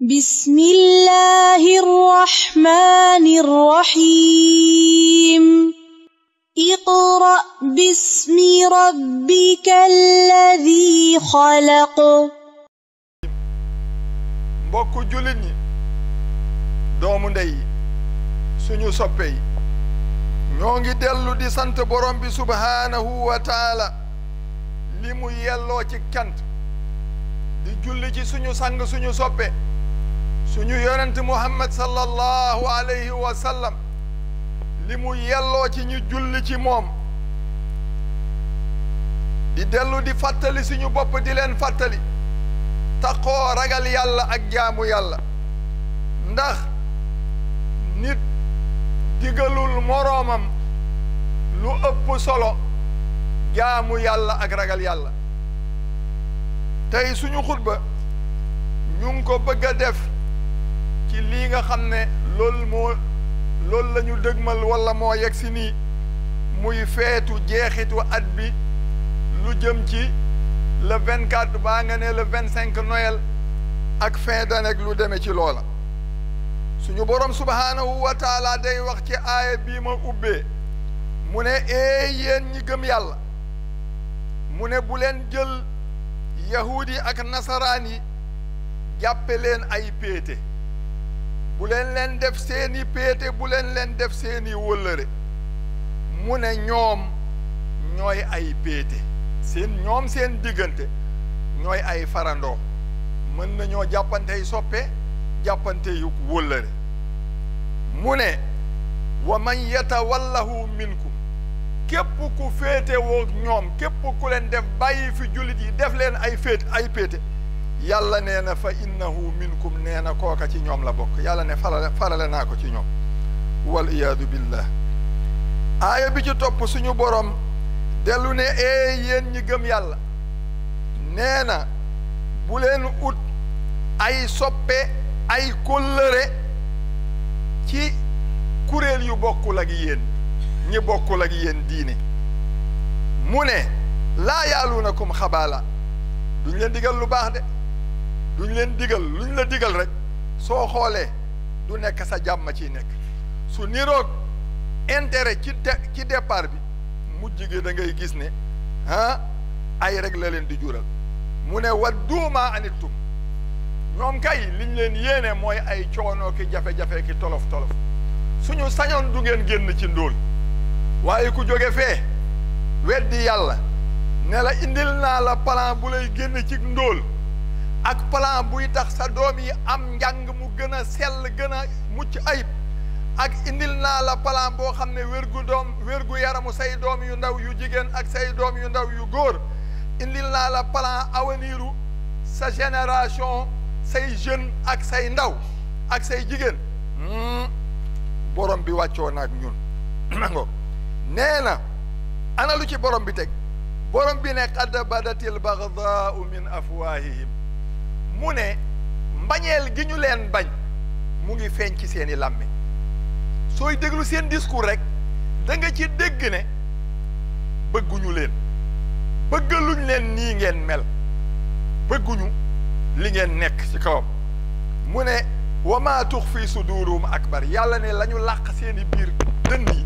بسم الله الرحمن الرحيم اقرا باسم ربك الذي خلق مبوك جولين دومو ندي سونو سوبي نيوغي ديلو دي سانت بوروم بي سبحانه وتعالى لي مو يلو سي كانت دي جولي سي سونو سانغ سونو سوبي suñu yonent muhammad sallallahu alayhi wa sallam li mu yelloo ci ñu julli ci moom di dellu di fàttali suñu bopp di leen fàttali taqoo ragal yàlla ak jaamu yàlla ndax nit digalul moroomam lu ëpp solo jaamu yàlla ak ragal yàlla tey suñu xutba ñu ngi ko bëgg a def ci lii nga xam ne loolu moo loolu la ñu dëgmal wala moo yegg si nii muy feetu jeexitu at bi lu jëm ci le vingt quatre baa nga ne le vingt cinq Noël ak fin d'année ak lu demee ci loola suñu borom subhaanahu wa taala day wax ci aaya bii ma ubbee mu ne ee yéen ñi gëm yàlla mu ne bu leen jël yahuud yi ak nasaraan yi jàppe leen ay péete bu leen leen def seeni péete bu leen leen def seeni wëllëre mu ne ñoom ñooy ay péete seen ñoom seen diggante ñooy ay farandoo mën nañoo jàppante yu soppe jàppante yu wëllëre mu ne wa man yatawallahu minkum képp ku féete woog ñoom képp ku leen def bàyyi fi jullit yi def leen ay féet ay péete yàlla nee na fa innahu minkum nee na kooka ci ñoom la bokk yàlla ne farale farale naa ko ci ñoom wal iyaadu billah aaya bi ci topp suñu borom dellu ne ee yéen ñi gëm yàlla nee na bu leen ut ay soppe ay kóllëre ci kuréel yu bokkul ak yéen ñi bokkul ak yéen diine mu ne laa yaaluunakum xabaala duñ leen digal lu baax de duñ leen digal ñu la digal rek soo xoolee du nekk sa jàmm ciy nekk su niroog intérêt ci ci départ bi mu gi da ngay gis ne ah, ay rek la leen di jural mu ne wat duuma anittum ñoom kay liñ leen yéene mooy ay coono ki jafe-jafe ki tolof tolof suñu sañoon du ngeen génn ci ndóol waaye ku jóge fee weddi yàlla ne la indil naa la plan bu lay génn ci ndóol ak plan buy tax sa doom yi am njàng mu gën a sell gën a mucc ayib ak indil naa la plan boo xam ne wérgu doom wérgu yaramu say doom yu ndaw yu jigéen ak say doom yu ndaw yu góor indil naa la palan aweniru sa génération say jeune ak say ndaw ak say jigéen hmm. borom bi wàccoo naag ñun nango nee na ana lu ci borom bi teg borom bi ne qad badatil bagdaau min afwahihim mu ne mbañeel gi ñu leen bañ mu ngi feeñ ci seeni làmmi sooy déglu seen discours rek da nga ci dégg ne bëgguñu leen bëggaluñ leen nii ngeen mel bëgguñu li ngeen nekk ci kawam mu ne wa maa tux fii sudurum akbar yàlla ne lañu ñu làq seeni biir dënn yi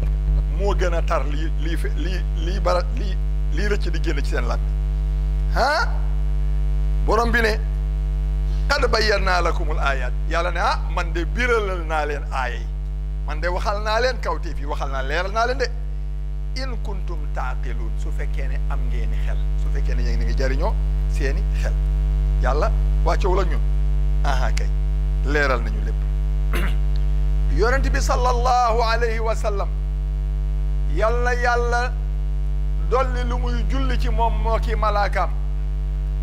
moo gën a tar lii lii lii lii bara lii lii rëcc di génn ci seen làmmiñ ah borom bi ne qad bayyannaa lakumul aayaat yàlla ne ah man de biralal naa leen aaya man de waxal naa leen kawteef yi waxal na leer naa leen de in kuntum taaqiluun su fekkee ne am ngeen xel su fekkee ne yéen a ngi jariñoo seeni xel yàlla wàccewul ak ñun aha kay leeral nañu lépp yonent bi sallallahu alayhi wa sallam yàlla yàlla dolli lu muy julli ci moom moo ki malaakaam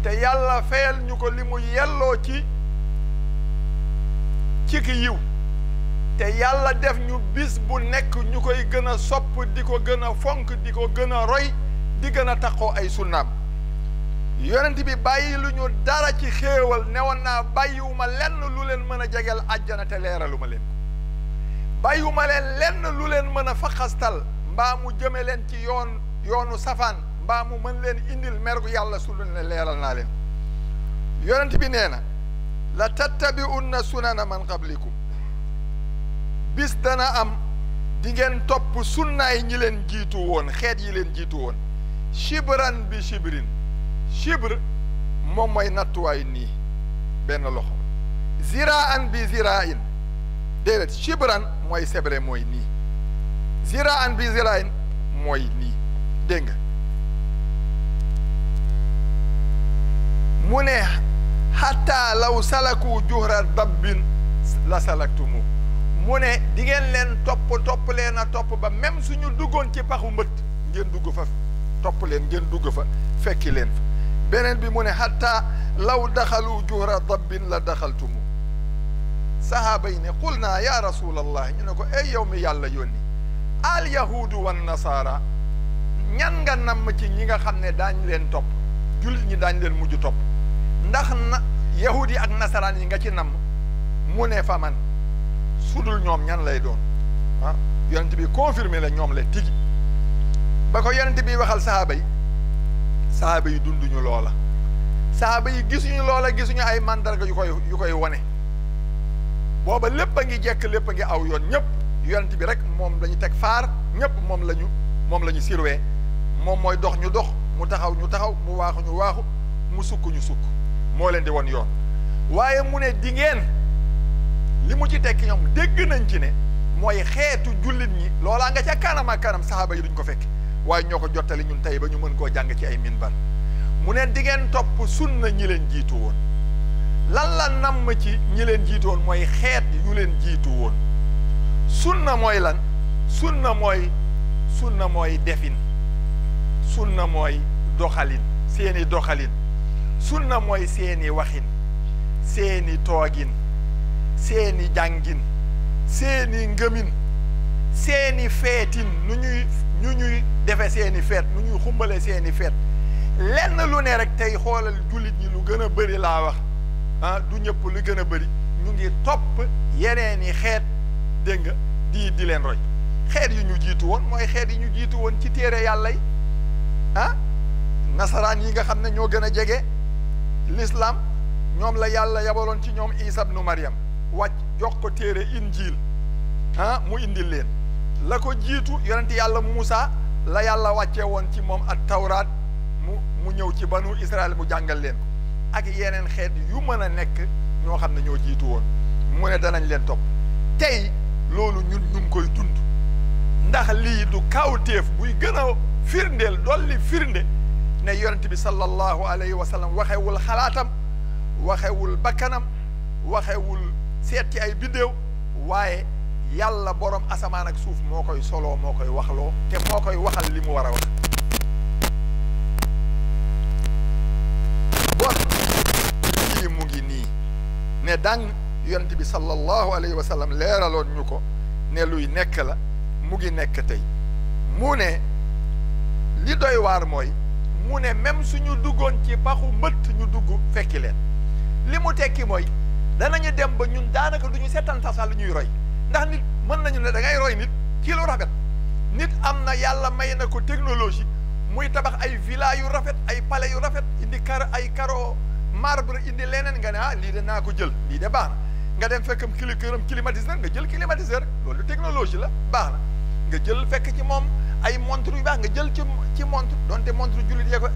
te yàlla fayal ñu ko li mu yelloo ci ci ki yiw te yàlla def ñu bis bu nekk ñu koy gën a sopp di ko gën a fonk di ko gën a roy di gën a taqoo ay sunnaam yonent bi bàyyi lu ñu dara ci xéewal newoon naa bàyyiwuma lenn lu leen mën a jegeel àjjana te leeraluma leen bàyyiwuma leen lenn lu leen mën a faxastal mbaa mu jëme leen ci yoon yoonu safaan mbaa mu leen indil mergu yàlla su lu ne leeral naa leen yonent bi nee na la tattabi'unna sunana man qablikum bis dana am di ngeen topp sunnaay ñi leen jiitu woon xeet yi leen jiitu woon shibran bi shibrin shibr moom mooy nattuwaay nii benn loxo ziraan bi zirain déedéet shibran mooy sebre mooy nii ziraan bi zirain mooy nii dégg nga ne hatta law salaku juhra dabbin la salaktumu mu ne di ngeen leen topp topp leen a topp ba même suñu duggoon ci paxu mbëtt ngeen dugg fa topp leen ngeen dugg fa fekki leen fa beneen bi mu ne hatta law daxalu juhra dabbin la daxaltumu sahaaba yi ne qul naa ya rasulallah ñu ne ko ay yow mi yàlla yónni al yahudu wan nasaara ñan nga namm ci ñi nga xam ne daañ leen topp jullit ñi daañ leen mujj topp ndax na yahudi ak nasaraan yi nga ci nam mu ne fa man sudul ñoom ñan lay doon ah yonent bi confirmé la ñoom la tigi ba ko yonent bi waxal sahaba yi sahaba yi dunduñu loola sahaba yi gisuñu loola gisuñu ay mandarga yu koy yu koy wone booba lépp a ngi jekk lépp a ngi aw yoon ñëpp yonent bi rek moom lañu teg faar ñëpp moom lañu moom lañu sirwé moom mooy dox ñu dox mu taxaw ñu taxaw mu waaxu ñu waaxu mu sukk ñu sukk moo leen di won yoon waaye mu ne di li mu ci tekki ñoom dégg nañ ci ne mooy xeetu jullit ñi loolaa nga ca kanam kanam saxaaba yi duñ ko fekk waaye ñoo ko jottali ñun tey ba ñu mën koo jàng ci ay ban mu ne di ngeen topp sunna ñi leen jiitu woon lan la namm ci ñi leen jiitu mooy xeet yu leen jiitu woon sunna mooy lan sunna mooy sunna mooy defin sunna mooy doxalin seeni doxalin na mooy seeni waxin seeni toogin seeni jàngin seeni ngëmin seeni feetin nu ñuy ñu ñuy defe seeni feet nu ñuy xumbale seeni feet lenn lu ne rek tey xoolal jullit yi lu gën a bëri laa wax ah du ñëpp lu gën a bëri ñu ngi topp yeneeni xeet dégg nga di di leen roy xeet yi ñu jiitu woon mooy xeet yi ñu jiitu woon ci téere yàlla yi ah nasaraan yi nga xam ne ñoo gën a jege lislaam ñoom la yàlla yabaloon ci ñoom isa ibnu mariam wàcc jox ko téere injiil ah mu indi leen la ko jiitu yonent yàlla Muusa la yàlla wàccee woon ci moom ak tawraat mu mu ñëw ci banu Israël mu jàngal leen ko ak yeneen xeet yu mën a nekk ñoo xam ne ñoo jiitu woon mu ne danañ leen topp tey loolu ñun ñu ngi koy dund ndax lii du kawtéef buy gën a firndeel dolli firnde ne yonent bi sallallahu alayhi wa sallam waxewul xalaatam waxewul bakkanam waxewul seet ci ay biddéew waaye yàlla borom asamaan ak suuf moo koy soloo moo koy waxloo te moo koy waxal li mu war a wax bon lii mu ngi nii ne dang yonent bi sallallahu alayhi wa sallam leeraloon ñu ko ne luy nekk la mu ngi nekk tey mu ne li doy waar mooy mu ne même suñu duggoon ci paxu mbëtt ñu dugg fekki leen li mu tekki mooy danañu dem ba ñun daanaka du ñu seetantal lu ñuy roy ndax nit mën nañu ne da ngay roy nit ci lu rafet nit am na yàlla may na ko technologie muy tabax ay villa yu rafet ay pale yu rafet indi kar ay caro marbre indi leneen nga ne ah lii de naa ko jël lii de baax na nga dem fekkam kili këram climatiseur nga jël climatiseur loolu technologie la baax na nga jël fekk ci moom ay montre yu baax nga jël ci ci montre donte montre jullit yee ko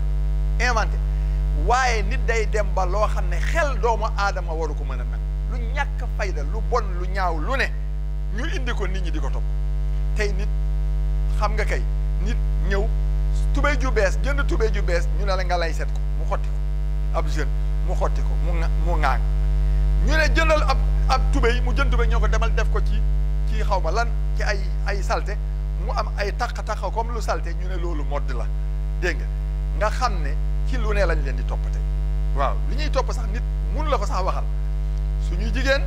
inventé waaye nit day dem ba loo xam ne xel doomu aadama waru ko mën a nag lu ñàkk fayda lu bon lu ñaaw lu ne ñu indi ko nit ñi di ko topp tey nit xam nga kay nit ñëw tubéy ju bees jënd tubéy ju bees ñu ne la nga lay set ko mu xotti ko ab jeune mu xotti ko mu mu ŋaang ñu ne jëndal ab ab tubéy mu jënd tubéy ñoo ko demal def ko ci ci xaw ma lan ci ay ay salte mu am ay taq-taq comme lu salte ñu ne loolu modd la dégg nga nga xam ne ci lu ne lañ leen di toppate waaw li ñuy topp sax nit mun la ko sax waxal suñuy jigéen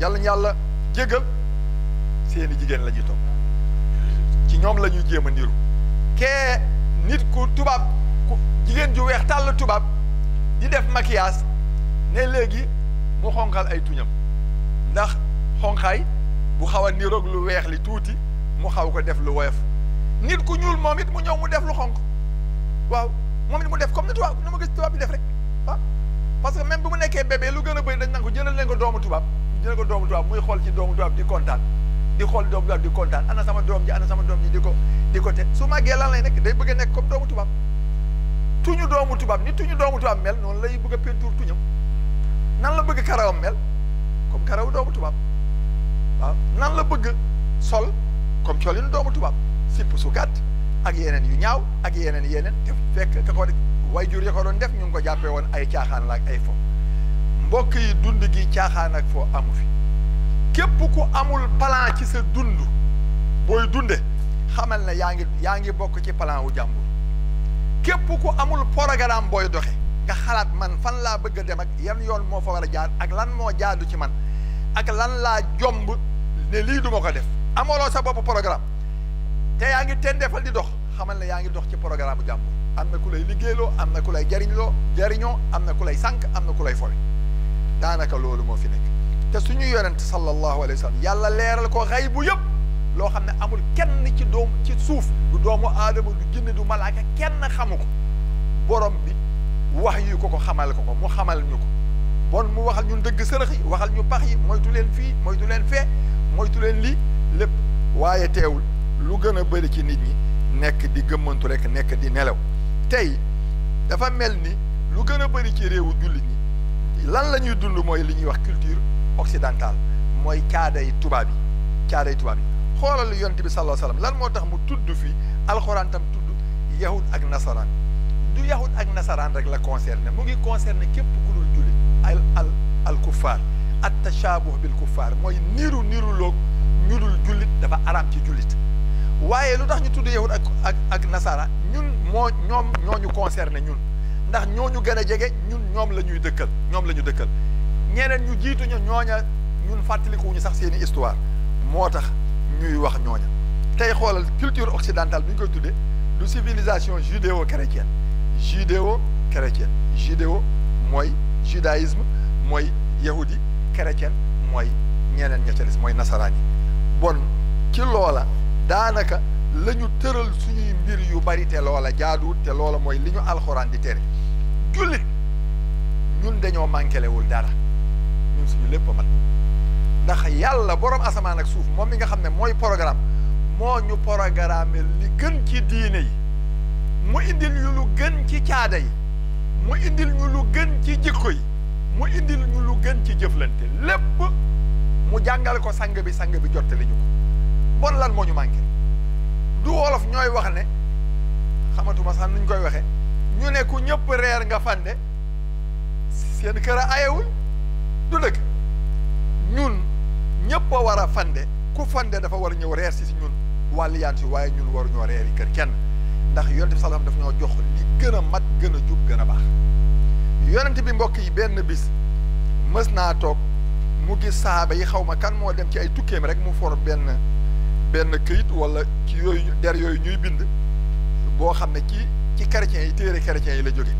yàlla ñu yàlla jégal seeni jigéen la ñuy topp ci ñoom lañuy ñuy jéem a niru kee nit ku tubaab ku jigéen ju weex tàll tubaab di def maquillage ne léegi mu xonqal ay tuñam ndax xonqaay bu xaw a niroog lu weex li tuuti mu xaw ko def lu woyof nit ku ñuul moom it mu ñëw mu def lu xonq waaw moom it mu def comme ni tubaab ni ma gis tubaab bi def rek ah parce que même bu mu nekkee bébé lu gën a bëri dañ naan ko jëndal leen ko doomu tubaab jëndal ko doomu tubaab muy xool ci doomu tubaab di kontaan di xool doomu tubaab di kontaan ana sama doom ji ana sama doom ji di ko di ko te su màggee lan lay nekk day bëgg a nekk comme doomu tubaab tuñu doomu tubaab ni tuñu doomu tubaab mel noonu lay bëgg a peinture tuñam nan la bëgg karawam mel comme karaw doomu tubaab waaw la bëgg comme coolinu doomu tubaab sipp su gàtt ak yeneen yu ñaaw ak yeneen yeneen te fekk ka ko way jur ya ko doon def ñu ngi ko jàppee woon ay caaxaan la ak ay fo mbokk yi dund gi caaxaan ak foo amu fi képp ku amul plan ci sa dund booy dunde xamal ne yaa ngi yaa ngi bokk ci plan wu jàmbur képp ku amul programme booy doxe nga xalaat man fan laa bëgg a dem ak yan yoon moo fa war a jaar ak lan moo jaadu ci man ak lan laa jomb ne lii duma ko def amolo sa bop programme te yaangi ngi teen di dox xamal ne yaangi dox ci programme jàmm amna na ku lay liggéeyloo am na ku lay jariñloo jariñoo am na ku lay sànq am ku lay fowe daanaka loolu moo fi nek te suñu yonent sallallahu alayhi wasallam yàlla leral ko xay yeb lo xamne amul kenn ci dom ci suuf du domo aadama du jinn du malaaka kenn xamuko borom bi wax yu ko ko xamal ko ko mu xamal ñu ko bon mu waxal ñun deug sërëx yi waxal ñu pax yi moytu leen fi moytu leen fe moytu leen li lépp waaye teewul lu gën a bëri ci nit ñi nekk di gëmmantu rek nekk di nelaw tey dafa mel ni lu gën a bëri ci réewu jullit ñi lan la ñuy dund mooy li ñuy wax culture occidentale mooy caaday tubaab yi caaday tubaab yi xoolal yonent bi sallallahu alayhi lan moo tax mu tudd fi alxuraan tam tudd yahud ak nasaraan du yahud ak nasaraan rek la concerné mu ngi concerné képp ku dul jullit al al al kuffaar attashaabuh bil kuffar moy niru niru lok ñu dul jullit dafa araam ci julit waye lutax ñu tuddé yahud ak ak nasara ñun mo ñom ñoñu concerné ñun ndax ñoñu gëna gën ñun ñom lañuy dëkkal ñom lañu dëkkal ñeneen ñu jitu ñu ñoña ñun ñu sax seen histoire motax ñuy wax ñoña tay xolal culture occidentale bi ñu koy tuddé du civilisation judéo-chrétienne judéo-chrétienne judéo moy judaïsme moy yahudi chrétien mooy ñeneen ña ca mooy nasaraan yi bon ci loola daanaka lañu ñu tëral suñuy mbir yu bari te loola jaaduwut te loola mooy li ñu alxuraan di tere jullit ñun dañoo manquelewul dara ñun suñu lépp a mat ndax yàlla boroom asamaan ak suuf moom mi nga xam ne mooy programme moo ñu programme li gën ci diine yi mu indil ñu lu gën ci caada yi mu indil ñu lu gën ci jikko yi mu indil lu gën ci jëflante lépp mu jàngale ko sang bi sang bi jottali ñu ko bon lan moo ñu manqué du wolof ñooy wax ne xamatuma sax nuñ koy waxee ñu nekku ku ñëpp reer nga fande seen kër a ayewul du dëkk ñun ñëpp a war a fande ku fande dafa war a ñëw reer si si ñun wàllu yaan si waaye ñun waruñoo reer yi kër kenn ndax yonent bi salaam daf ñoo jox li gën a mat gën a jub gën a baax yonent bi mbokk yi benn bis mës naa toog mu gis saaba yi xaw ma kan moo dem ci ay tukkeem rek mu for benn benn këyit walla ci yooyu der yooyu ñuy bind boo xam ne ci ci chrétiens yi téere chrétiens yi la jóge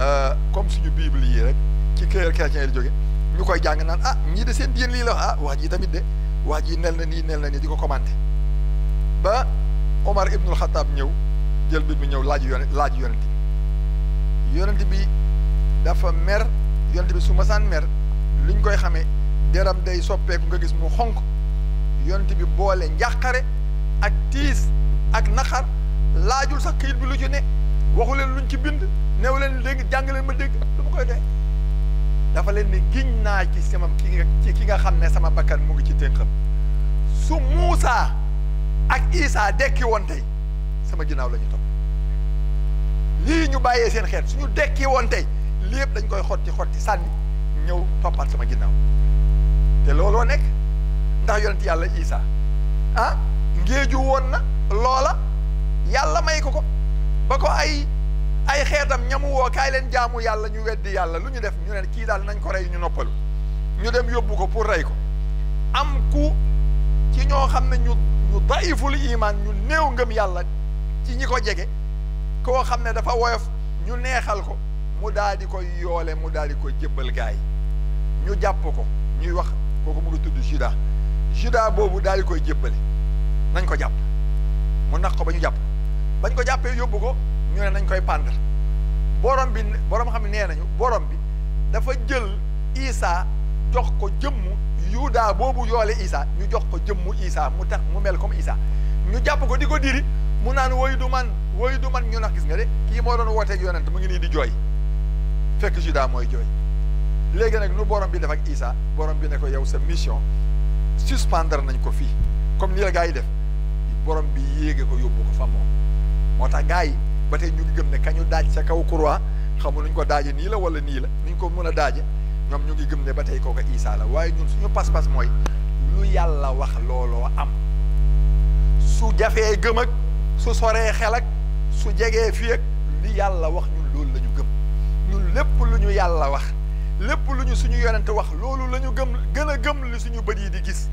euh, comme suñu bible yi rek ci téere chrétiens yi la jóge ñu koy jàng naan ah ñii de seen diin lii la ah wax ji tamit de wax ji nel na nii nel na nii di ko commenté ba Omar ibnul Xataab ñëw jël mbir mi ñëw laaj yonent laaj yonent bi yonent bi dafa mer yonent bi su masaan mer li koy xamee deram day soppeeku nga gis mu xonk yont bi boole njàqare ak tiis ak naqar laajul sax kayit bi lu ci ne waxu leen luñ ci bind néew leen léegi jàng leen ma dégg lu ma koy doy dafa leen ni giñ naa ci sama ki ci ki nga xam ne sama bakkan mu ngi ci tënkam su Muusaa ak Isaa dekki woon tey sama ginnaaw lañu ñu topp lii ñu bàyyee seen xeet su suñu dekki woon tey lépp dañ koy xotti xotti sànni ñëw toppaat sama ginnaaw te looloo nekk ndax yonent yàlla Isa ah ngéeju woon na loola yàlla may ko ko ba ko ay ay xeetam ñamuwoo kaay leen jaamu yàlla ñu weddi yàlla lu ñu def kii daal nañ ko rey ñu noppalu ñu dem yóbbu ko pour rey ko am ku ci ñoo xam ne ñu ñu daiful imaan ñu néew ngëm yàlla ci ñi ko jege koo xam ne dafa woyof ñu neexal ko mu daal di koy yoole mu daal di koy jébbal gaay ñu jàpp ko ñuy wax kooku mu ngi tudd juda juda boobu daal di koy jébbale nañ ko jàpp mu nax ko ba ñu jàpp bañ ko jàppee yóbbu ko ñu ne nañ koy pendre borom bi borom xam ne nee nañu borom bi dafa jël Isa jox ko jëmmu yuuda boobu yoole Isa ñu jox ko jëmmu Isa mu tax mu mel comme Isa ñu jàpp ko di ko diri mu naan woyu du man woyu du man ñu nax gis nga de kii moo doon wooteeg yonent mu ngi nii di jooy fekk Juda mooy jooy léegi nag nu borom bi def ak Isa borom bi ne ko yow sa mission suspendre nañ ko fii comme ni la gaa yi def borom bi yéege ko yóbbu ko fa moom moo tax gaa yi ba tey ñu ngi gëm ne kañu daaj sa kaw croix xamu nuñ ko daaje nii la wala nii la nuñ ko mën a daaje ñoom ñu ngi gëm ne ba tey kooku isaa la waaye ñun suñu pas-pas mooy lu yàlla wax looloo am su jafee gëm ak su soree xel ak su jegee fii ak li yàlla wax ñun loolu la gëm ñun lépp lu ñu yàlla wax lépp lu ñu suñu yonent wax loolu lañu ñu gëm gën a gëm lu suñu bët yi di gis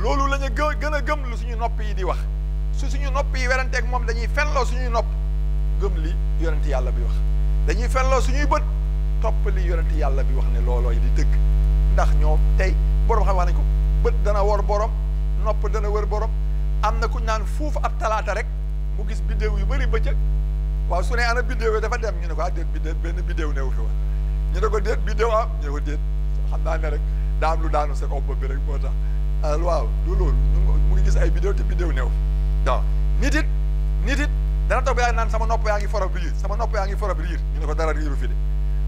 loolu la ñu gën a gëm lu suñu nopp yi di wax su suñu nopp yi weranteek moom dañuy fenloo suñuy nopp gëm li yonent yàlla bi wax dañuy fenloo suñuy bët topp li yonent yàlla bi wax ne loolooy di dëgg ndax ñoo tey borom xam wax nañ ko bët dana wor borom nopp dana wër borom am na ku naan foofu ab talaata rek mu gis biddéew yu bëri bëccëg waaw su ne ana biddéew dafa dem ñu ne ko ah déet biddéew benn biddéew newu fi woon ñu ne ko déet biddéew ah ñu xam naa ne rek daa am lu daanu sa kaw bopp bi rek moo tax euh, waaw du loolu mu ngi gis ay biddéew te biddéew newu waaw nit it nit it dana toog yaa naan sama nopp yaa ngi forob riir sama nopp yaa ngi forob riir ñu ne ko dara riiru fi de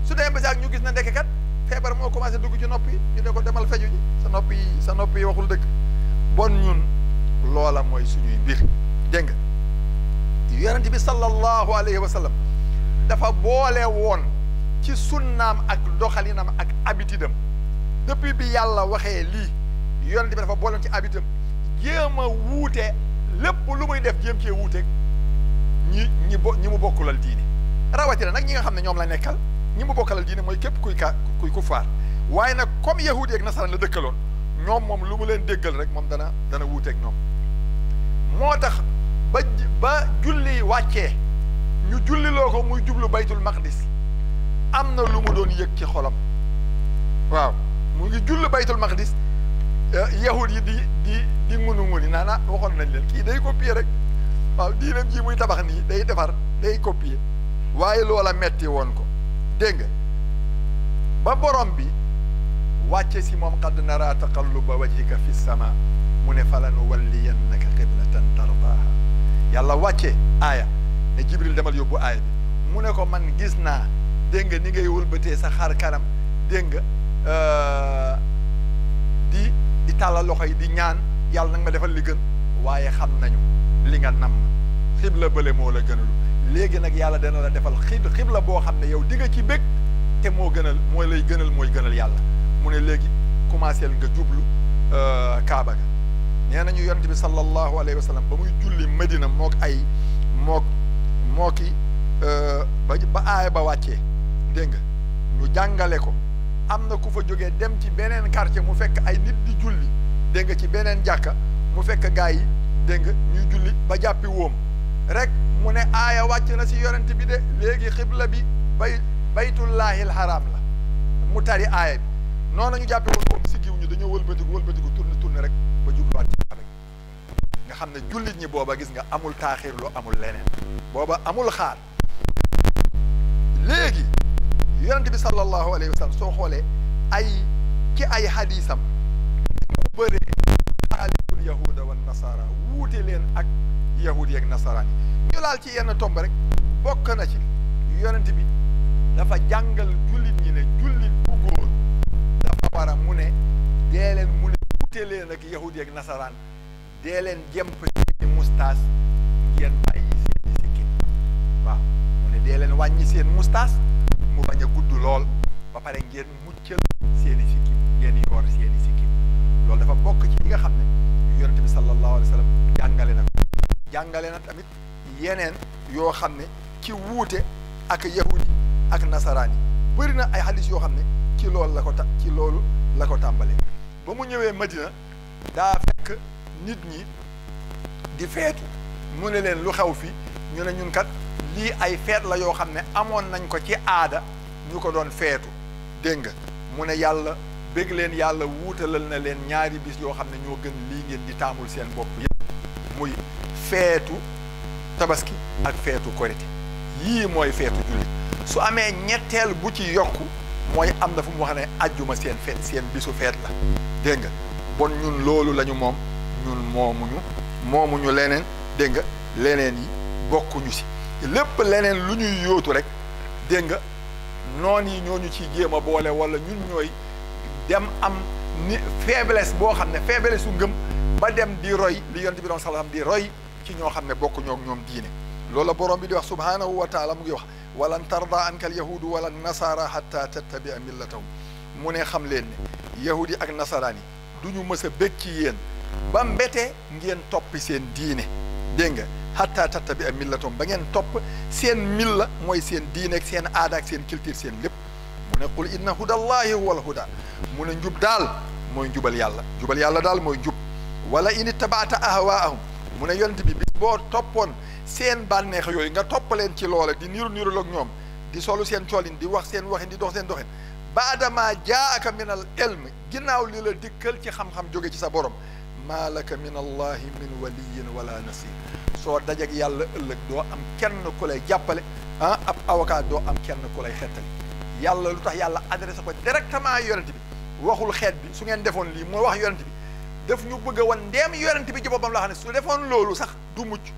su dee ba ñu gis na ndekk kat feebar moo commencé dugg ci nopp yi ñu ne ko demal feju ji sa nopp yi sa nopp yi waxul dëgg bon ñun loola mooy suñuy mbir dégg yonent bi sallallahu alayhi wa sallam dafa boole woon ci sunnaam ak doxalinam ak habitude am depuis bi yàlla waxee lii yonent bi dafa boole ci habitude am jéem a wuute lépp lu muy def jéem cee wuuteeg ñi ñi bo ñi mu bokkulal diine rawatina nag ñi nga xam ne ñoom la nekkal ñi mu bokkalal diine mooy képp kuy ka kuy kufaar waaye nag comme yahudi ak nasaraan la dëkkaloon ñoom moom lu mu leen déggal rek moom dana dana wuuteeg ñoom moo tax. ba ba julli wàccee ñu julliloo ko muy jublu baytul maqdis am lu mu doon yëg ci xolam waaw mu ngi julli baytul maqdis yahud yi di di di ngunu nguni naana waxoon nañ leen kii day copier rek waaw diinam ji muy tabax nii day defar day copier waaye loola metti woon ko dégg ba borom bi wàcce si moom qad nara taqalluba wajhika fi sama mu ne falan walliyannaka qiblatan tardaaha yàlla wàcce aaya ne jibril demal yóbbu aaya bi mu ne ko man gis naa dégg nga ni ngay wëlbatee sa xar kanam dégg nga euh, di di tàllal loxo yi di ñaan yàlla nag ma defal li gën waaye xam nañu li nga nam xibla bële moo la gënalu léegi nag yàlla dana la defal xib xibla boo xam ne yow di nga ci bég te moo gënal mooy lay gënal mooy gënal yàlla mu ne léegi commencé nga jublu euh, kaaba ga نانا نيو يونتي بي صلى الله عليه وسلم باموي جولي مدينه موك اي موك موكي ا با با اي با واتي دنگ نو جانغالي كو امنا كو فا جوغي ديم تي بنين كارتي مو فك اي نيت دي جولي دنگ تي بنين جاكا مو فك غاي دنگ نيو جولي با جابي ووم rek mu ne aaya wàcc na si yonent bi de léegi xibla bi bay baytullahi lharam la mu tari aaya bi noonu ñu jàppe woon moom siggiwuñu dañoo wëlbatiku wëlbatiku tourne tourne rek ba jubluwaat xam ne jullit ñi booba gis nga amul taaxir lu amul leneen booba amul xaar léegi yonente bi sallallahu alayhi wa sallam soo xoolee ay ci ay xadiisam mu bëree xaalibul yahuda wa nasara wuute leen ak yahud yeeg nasaraan yi ñu laal ci yenn tomb rek bokk na ci yonant bi dafa jàngal jullit ñi ne jullit bu góor dafa war mu ne dee leen mu ne wuute leen ak yahud nasaraan dee leen jëm seeni mustaas ngeen bàyyi seeni sikkin waaw mu ne dee leen wàññi seen mustaas mu bañ a gudd lool ba pare ngeen muccal seeni sikkin ngeen yoor seeni sikkin loolu dafa bokk ci yi nga xam ne yonente bi sallallahu alayhi wa sallam jàngale na jàngale na tamit yeneen yoo xam ne ci wuute ak yahud yi ak nasaraan yi bëri na ay xadis yoo xam ne ci loolu la ko ta ci loolu la ko tàmbalee ba mu ñëwee madina daa nit ñi di feetu mu ne leen lu xew fi ñu ne ñun kat lii ay feet la yoo xam ne amoon nañ ko ci aada ñu ko doon feetu dégg nga mu ne yàlla bëgg leen yàlla wuutalal na leen ñaari bis yoo xam ne ñoo gën lii ngeen di taamul seen bopp yëpp muy feetu tabaski ak feetu korite yii mooy feetu jullit su amee ñetteel bu ci yokk mooy am na fu mu wax ne ajjuma seen feet seen bisu feet la dégg bon ñun loolu lañu moom ñun moomuñu moomuñu leneen dégg nga leneen yi bokkuñu ci lépp leneen lu ñuy yootu rek dégg nga noon yi ñooñu ci jéem a boole wala ñun ñooy dem am ni faiblesse boo xam ne faiblesse su ngëm ba dem di roy li yonent bi doon salaam di roy ci ñoo xam ne bokkuñoo ñoom diine loolu la borom bi di wax subhaanahu wa taala mu ngi wax walan tarda anka al yahudu wala nasara hatta tattabia millatahum mu ne xam leen ne yahudi ak nasaraan yi du ñu mës a bég ci yéen bambete ngien top sen diine denga hatta tattabi millatum ngien top sen milla moy sen diine ak sen aada ak sen culture sen lepp mune qul inna hudallahi wal huda mune njub dal moy njubal yalla njubal yalla dal moy njub wala in tabata ahwaahum mune yonte bi bo topon sen banex yoy nga len ci loola di niru niru lok ñom di solo sen ciolin di wax sen waxin di dox sen doxen badama jaaka minal ilm ginaaw li la dikkel ci xam xam joge ci sa borom ما لك من الله من ولي ولا نصير سو داجك يالا ألك دو ام كين كولاي جابالي ها اب اوكا دو ام كين كولاي خيتالي يالا لوتاخ يالا ادريس كو ديريكتومون يورنتي بي واخول خيت بي سو نين لي مو واخ يورنتي بي ديف ني بوغ وون ديم يورنتي بي جوبام لا خاني سو ديفون لولو صاح دو موتش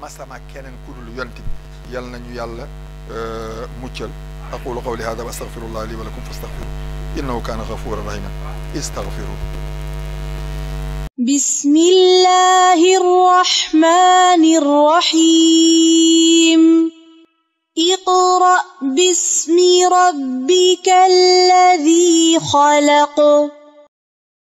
ما سما كينن كودول يورنتي بي يالا نيو يالا ا موتشال اقول قولي هذا واستغفر الله لي ولكم فاستغفروه انه كان غفورا رحيما استغفروه بسم الله الرحمن الرحيم اقرأ باسم ربك الذي خلق